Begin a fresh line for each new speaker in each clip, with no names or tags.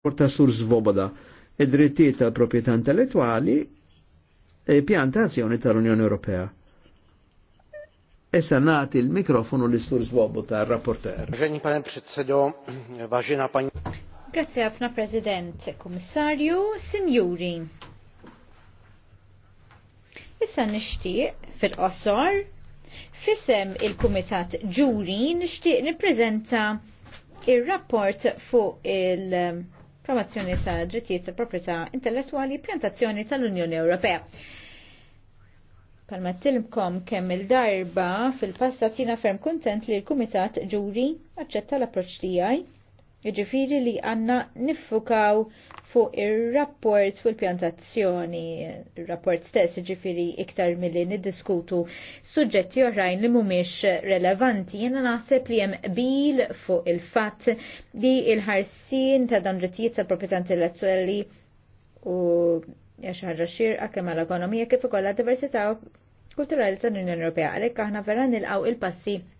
porta sur svoboda id-drittijiet tal-proprjetà intellettuali e piantazzjoni tal-Unjoni Ewropea. Issa nati il-mikrofonu li sur svoboda rapporter. Ġeni pane predsedo, vaġina pani. Grazie ħafna President, commissario, signori. Issa nixtieq fil-qosor fisem il-Kumitat Ġuri nixtieq niprezenta il rapport fuq il-, il promozzjoni ta' drittijiet ta' proprjetà intellettwali pjantazzjoni tal-Unjoni Ewropea. Palma tilmkom kemm il-darba fil-passat jina ferm kontent li l-Kumitat ġuri aċċetta l-approċ tiegħi Iġifiri li għanna niffukaw fuq ir-rapport fuq il-pjantazzjoni, ir-rapport stess jiġifieri iktar mill-li niddiskutu suġġetti oħrajn li mumiex relevanti. Jena naħseb li hemm bil fuq il-fatt li il-ħarsin ta' dan drittijiet tal-proprjetà intellettuali u jaxħarra xirqa kemm għal-ekonomija kif ukoll diversità kulturali tal-Unjoni Ewropea għalhekk aħna vera nilqgħu il-passi il passi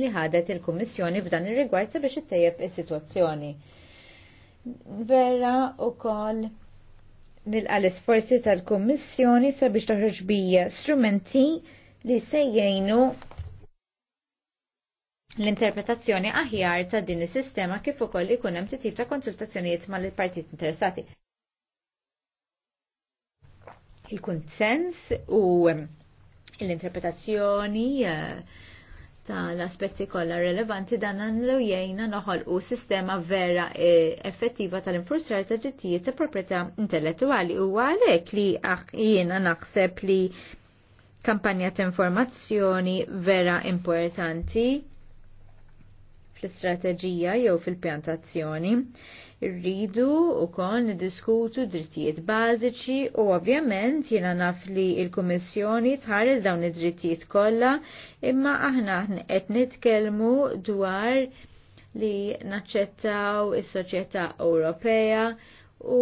li ħadet il-Kummissjoni f'dan ir-rigward sabiex ittejjeb is-sitwazzjoni. Vera ukoll nilqa l-isforzi tal-Kummissjoni sabiex toħroġ bija strumenti li sejjejnu l-interpretazzjoni aħjar ta' din is-sistema kif ukoll ikun hemm titjib ta' konsultazzjonijiet mal-partit interessati. Il-kunsens u l-interpretazzjoni eh, l aspetti kollha relevanti dan għandu jgħinna noħolqu sistema vera e, effettiva tal-infurzar ta' drittijiet ta' proprjetà intellettwali u għalhekk li jiena naħseb li kampanja ta' informazzjoni vera importanti fl-istrateġija jew fil-pjantazzjoni. Rridu u kon diskutu drittijiet bażiċi u ovvjament jiena naf li il-Kummissjoni tħares dawn id-drittijiet kollha imma aħna qed nitkellmu dwar li naċċettaw is-soċjetà Ewropea u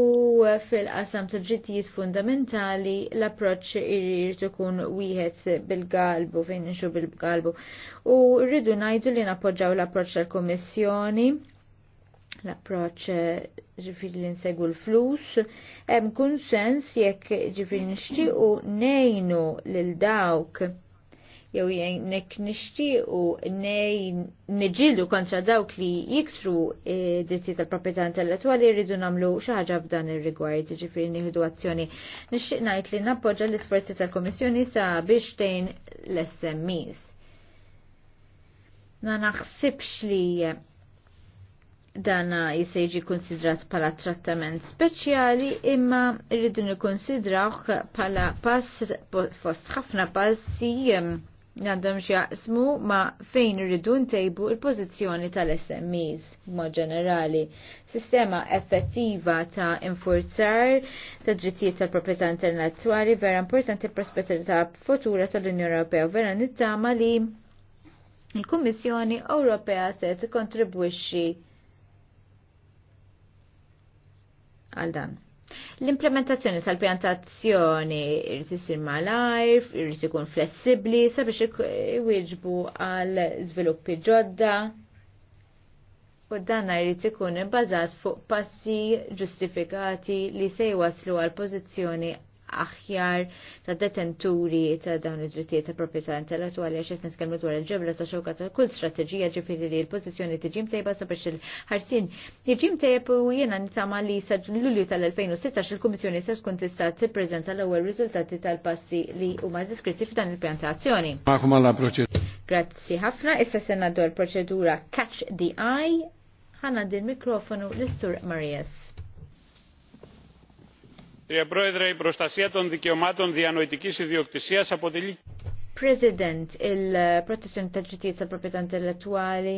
fil-qasam tal-ġittijiet fundamentali l-approċ irrid ikun wieħed bil-galbu fejn inxu bil-galbu. U rridu ngħidu li nappoġġaw l-approċ tal-Kummissjoni l-approċ ġifir li nsegu l-flus, hemm kunsens jekk ġifiri nixtiequ nejnu lil dawk jew jgħinek nixtiequ nej kontra dawk li jiksru eh, dritti tal-proprjetà intellettwali jridu nagħmlu xi ħaġa f'dan ir-rigward, jiġifieri nieħdu azzjoni. Nixtieq ngħid li nappoġġa l-isforzi tal-Kummissjoni sa biex tgħin l-SMEs. Ma naħsibx li dan jista' jiġi konsidrat bħala trattament speċjali imma rridu nikkonsidrawh bħala pass fost ħafna passi għandhom xjaqsmu ma fejn irridu ntejbu il-pożizzjoni tal-SMEs mod ġenerali. Sistema effettiva ta' infurzar ta' drittijiet tal-proprjetà intellettuali vera importanti prospettiva futura tal-Unjoni Ewropea vera nittama li il-Kummissjoni Ewropea se tikkontribwixxi għal dan. L-implementazzjoni tal-pjantazzjoni irrid isir malajr, irrid ikun flessibbli sabiex iwieġbu għal żviluppi ġodda. U danna jrid ikun ibbażat fuq passi ġustifikati li se jwaslu għal pożizzjoni aħjar ta' detenturi ta' dawn id-drittijiet ta' proprjetà intellettwali għax qed nitkellmu dwar il ġebra ta' xewka ta' kull strateġija ġifieri li l-pożizzjoni tiġi mtejba sabiex il-ħarsien jiġi mtejb u jiena nitama li sa' Lulju tal-2016 il-Kummissjoni se tkun tista' tippreżenta l-ewwel riżultati tal-passi li huma diskriti f'dan il-pjantazzjoni. Grazzi ħafna, issa se naddu l-proċedura Catch the Eye. Ħana din mikrofonu l-Sur Marias. President, il-protezzjoni eh, ta' ġitijiet tal proprjetà intellettuali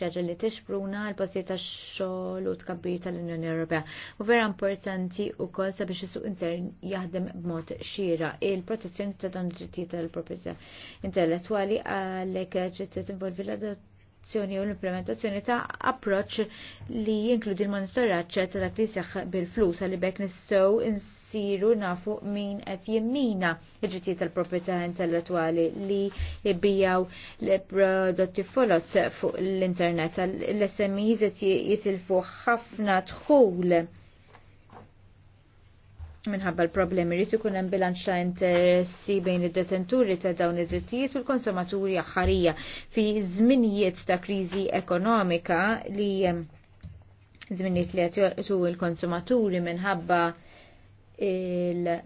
xaġa li tixpruna l-postijiet ta' xogħol u tkabbir tal-Unjoni Ewropea. U vera importanti wkoll sabiex is-suq intern jaħdem b'mod xira. Il-protezzjoni ta' dan ġitijiet tal proprjetà intellettuali għalhekk ġiet tinvolvi l-adozzjoni l applikazzjoni u l-implementazzjoni ta' approċ li jinkludi l monitoraċ ta' dak li seħħ bil-flus għalli bekk nistgħu insiru nafu min qed jimmina l-ġittijiet tal-proprjetà intellettwali li jibbijaw l-prodotti folot fuq l-internet l smi qed jitilfu ħafna dħul minħabba l-problemi rrit ikun hemm bilanċ ta' interessi bejn id-detenturi ta' dawn id-drittijiet u l-konsumaturi aħħarija fi żminijiet ta' kriżi ekonomika li żminijiet li qed jorqtu l-konsumaturi minħabba il-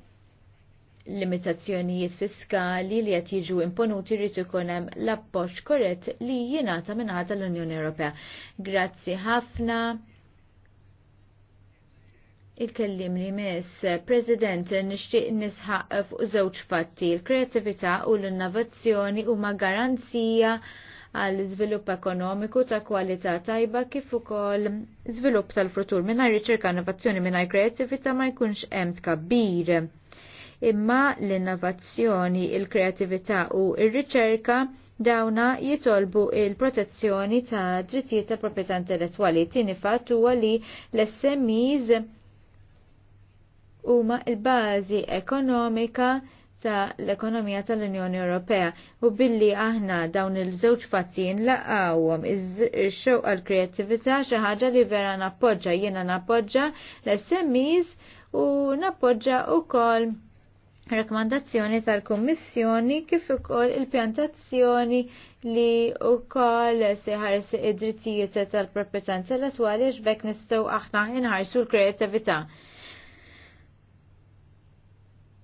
limitazzjonijiet fiskali li qed jiġu imponuti rrid ikun hemm l-appoġġ korrett li jingħata mingħata l-Unjoni Ewropea. Grazzi ħafna. Il-kellim li mis President, nishtiq nisħaq fuq żewġ fatti, il-kreativita u l-innovazzjoni huma garanzija għal żvilupp ekonomiku ta' kwalità tajba kif ukoll żvilupp tal-futur mingħajr riċerka innovazzjoni mingħajr kreativita ma jkunx hemm tkabbir. Imma l-innovazzjoni, il-kreatività u ir-riċerka dawna jitolbu il-protezzjoni ta' drittijiet ta' proprjetà intellettwali. Tieni fatt huwa li l-SMEs huma l bażi ekonomika ta' l-ekonomija tal-Unjoni Ewropea u billi aħna dawn il-żewġ fatti nlaqgħuhom ix-xewqa għall kreattività xi ħaġa li vera nappoġġa jiena nappoġġa l-SMEs u nappoġġa wkoll rakkomandazzjoni tal-Kummissjoni kif ukoll il-pjantazzjoni li wkoll se ħares id-drittijiet tal-proprjetà intellettwali għax b'hekk nistgħu aħna inħarsu l-kreattività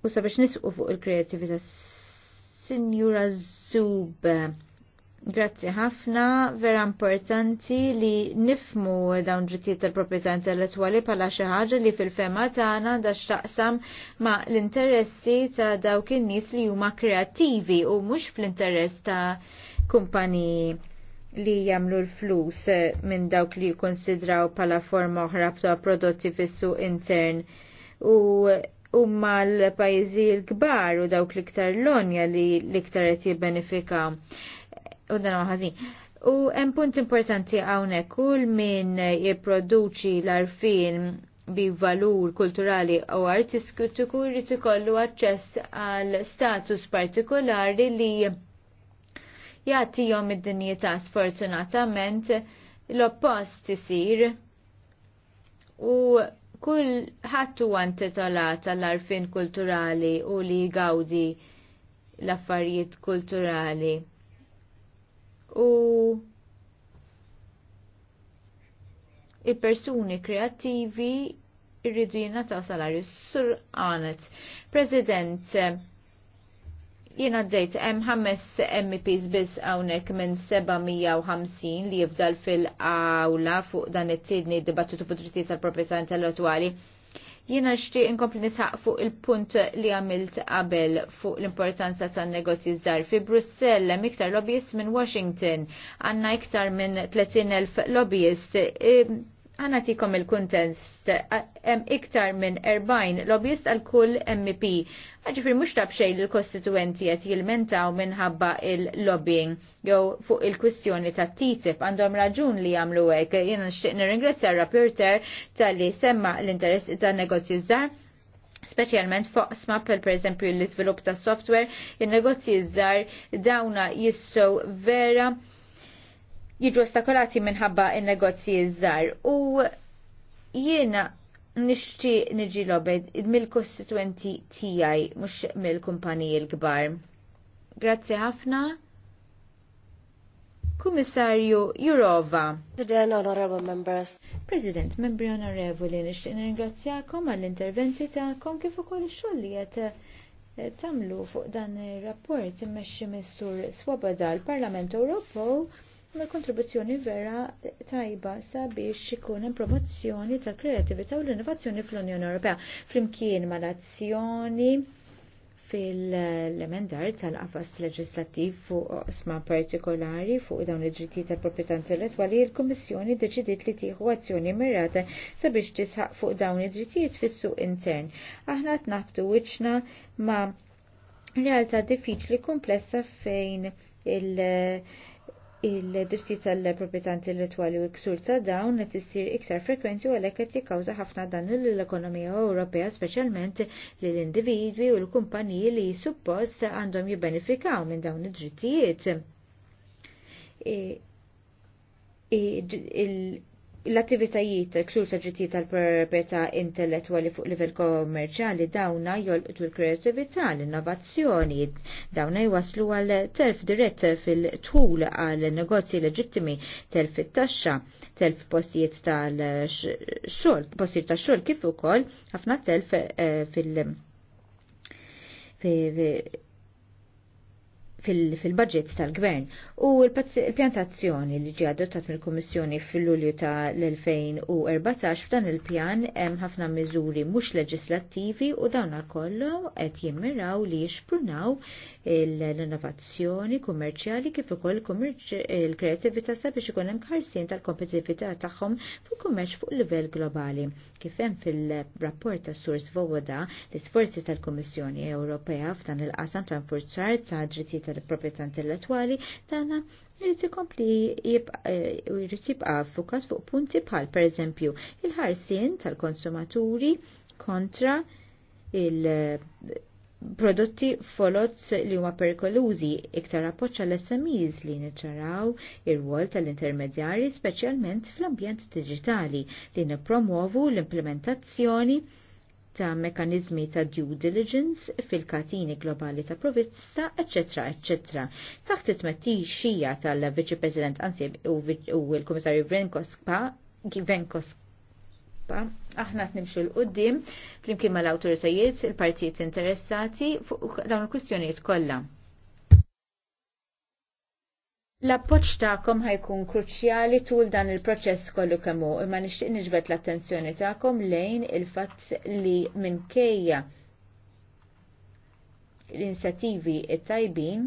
u sabiex nisqu fuq il-kreativita. Sinjura Zub, Grazzi ħafna, vera importanti li nifmu dawn drittijiet tal-proprjetà intellettwali bħala xi ħaġa li fil-fema tagħna da xtaqsam ma' l-interessi ta' dawk in-nies li huma kreattivi u mhux fl-interess ta' kumpaniji li jamlu l-flus minn dawk li jikkonsidraw bħala forma oħra ta' prodotti fis-suq intern u umma l-pajizi l-kbar u dawk l-iktar l-onja li l-iktar qed jibbenefika u dan ħażin. U hemm punt importanti hawnhekk kull min jipproduċi l-arfin bi valur kulturali u artistiku jrid ikollu aċċess għal status partikolari li jagħtihom id-dinjità sfortunatament l-oppost isir u kull ħadd huwa intitolat tal-arfin kulturali u li jgawdi l-affarijiet kulturali. U il-persuni kreattivi irridu ta' salarju sur għanet. President, Jien għaddejt hemm ħames MPs biss hawnhekk minn 750 li jibdal fil-awla fuq dan it tidni dibattitu fuq drittijiet tal-proprjetà intellettwali. Jiena xti inkompli nisaq fuq il-punt li għamilt qabel fuq l-importanza tan-negozji żgħar fi Brussell hemm iktar lobbyist minn Washington, għandna iktar minn 30,000 lobbyist Għana tikom il-kontest, hemm iktar minn 40 lobbyist għal kull MP. Għaġifri mux tabxej l-kostituenti għet jilmentaw minħabba il-lobbying. jew fuq il-kwistjoni ta' TTIP għandhom raġun li għamlu għek. Jena nxtiq nirringrazzja rapporter tal-li semma l-interess ta' negozji zzar specialment fuq sma per per l-izvilup ta' software, il-negozji zzar dawna jistow vera jiġu ostakolati minħabba il-negozji iż-żar. U jiena nixti niġi lobed mill-kostituenti tijaj, mux mill-kumpaniji l-gbar. Grazzi ħafna. Kummissarju Jurova. President, Honorable Members. President, membri onorevoli, nixtieq ringrazzjakom għall-interventi tagħkom kif ukoll ix-xogħol li qed eh, tagħmlu fuq dan ir-rapport immexxi mis-sur Swoboda l-Parlament Ewropew Ma kontribuzzjoni vera tajba sabiex ikun hemm promozzjoni tal-kreatività u l-innovazzjoni fl-Unjoni Ewropea flimkien mal-azzjoni fil-emendar tal-qafas leġislattiv fuq sma partikolari fuq dawn il-ġittijiet tal-proprjetà intellettwali, il-Kummissjoni deċidiet li tieħu azzjoni mirata sabiex tisħaq fuq dawn id-drittijiet fis-suq intern. Aħna tnaqbdu wiċċna ma' realtà diffiċli komplessa fejn il- il-dritti tal-proprietà intellettwali u l-ksur ta' dawn qed issir iktar frekwenti u għalhekk qed jikkawża ħafna dannu lill-ekonomija Ewropea speċjalment lill-individwi u l-kumpaniji li suppost għandhom jibbenefikaw minn dawn id-drittijiet. L-attivitajiet ksur ta' ġittijiet tal-proprietà intellettwali fuq livell kommerċjali dawna jolqtu l kreativita l-innovazzjoni, dawna jwaslu għal telf dirett fil-tul għal negozji leġittimi telf it-taxxa, telf postijiet tal-xogħol, postijiet tax-xogħol kif ukoll ħafna telf eh, fil- fil-budget tal-gvern u l-pjantazzjoni li ġi adottat mill-Kummissjoni fil-Lulju ta' l-2014 f'dan il-pjan hemm ħafna miżuri mhux leġislattivi u dawna kollu qed jimmiraw li jixprunaw l-innovazzjoni kummerċjali kif ukoll il-kreativita sabiex ikun hemm ħarsien tal-kompetitività tagħhom fil-kummerċ fuq livell globali. Kif hemm fil-rapport ta' Sur Svoboda l-isforzi tal-Kummissjoni Ewropea f'dan il-qasam ta' forzar ta' drittijiet tal-proprjetà intellettwali tagħna jrid ikompli eh, jrid jibqa' fukas fuq punti bħal pereżempju il-ħarsien tal-konsumaturi kontra il- prodotti folozz li huma perikolużi iktar appoċċa l-SMEs li niċċaraw ir-rwol tal-intermedjari speċjalment fl-ambjent digitali li nippromovu l-implementazzjoni ta' mekanizmi ta' due diligence fil-katini globali ta' provizza, etc. etc. Taħt it-metti xija tal-Viċi President Ansi u il-Komissarju Venkospa, aħna t-nimxu l-qoddim, flimkien mal-autoritajiet, il-partijiet interessati fuq dawn il-kustjonijiet kollha L-appoċ ta'kom ħajkun kruċjali tul dan il-proċess kollu kemmu, imma nixtieq niġbed l-attenzjoni ta'kom lejn il-fatt li minkejja l-inizjattivi tajbin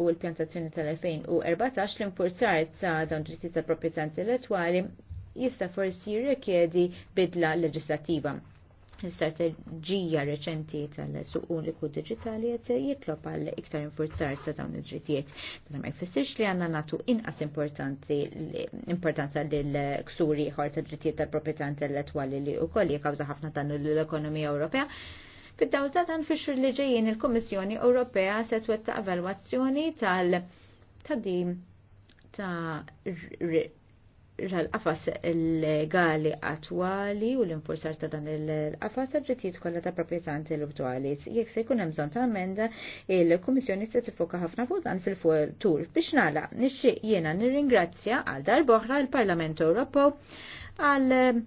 u l-pjantazzjoni tal-2014 l-infurzar ta' dawn dritti tal-proprjetà intellettwali jista' forsi jirrikjedi bidla leġislattiva l-istrateġija reċenti tal-suq uniku digitali qed jitlob għal iktar infurzar ta' dawn id-drittijiet. Dan ma jfissirx li għandna nagħtu inqas importanti importanza lil ksuri ħor ta' drittijiet tal-proprjetà intellettwali li wkoll jikkawża ħafna dan l-ekonomija Ewropea. Fid-dawl ta' dan fix li ġejjin il-Kummissjoni Ewropea se twettaq evalwazzjoni tal-tadim ta' l-qafas legali attwali u l-infursar ta' dan il-qafas għal-ġetijiet kollha ta' proprietà intellettuali. Jekk se jkun hemm bżonn ta' emenda, il-Kummissjoni se tifoka ħafna fuq dan fil-futur. Biex nagħlaq, nixtieq jiena nirringrazzja għal dal-boħra l-Parlament Ewropew għal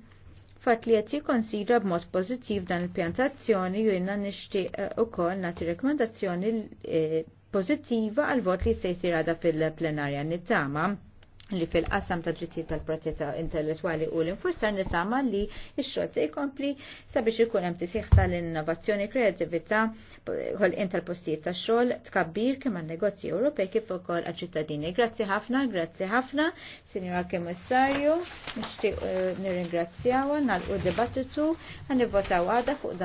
fatt li qed jikkonsidra b'mod pożittiv dan il-pjantazzjoni u nishti nixtieq eh, ukoll nagħti rekomendazzjoni eh, pożittiva għal vot li se jsir għada fil-plenarja nittama li fil-qasam ta' drittijiet tal-proprjetà intellettwali u l-infurzar nitama li x-xogħol se jkompli sabiex ikun hemm tisih tal-innovazzjoni, kreatività, ħolqien tal-postijiet tax-xogħol, tkabbir kemm għan-negozji Ewropej kif ukoll għaċ-ċittadini. Grazzi ħafna, grazzi ħafna, Sinjora Kemissarju, nixtieq eh, nirringrazzjawha. nagħlqu d-dibattitu nivvotaw għada fuq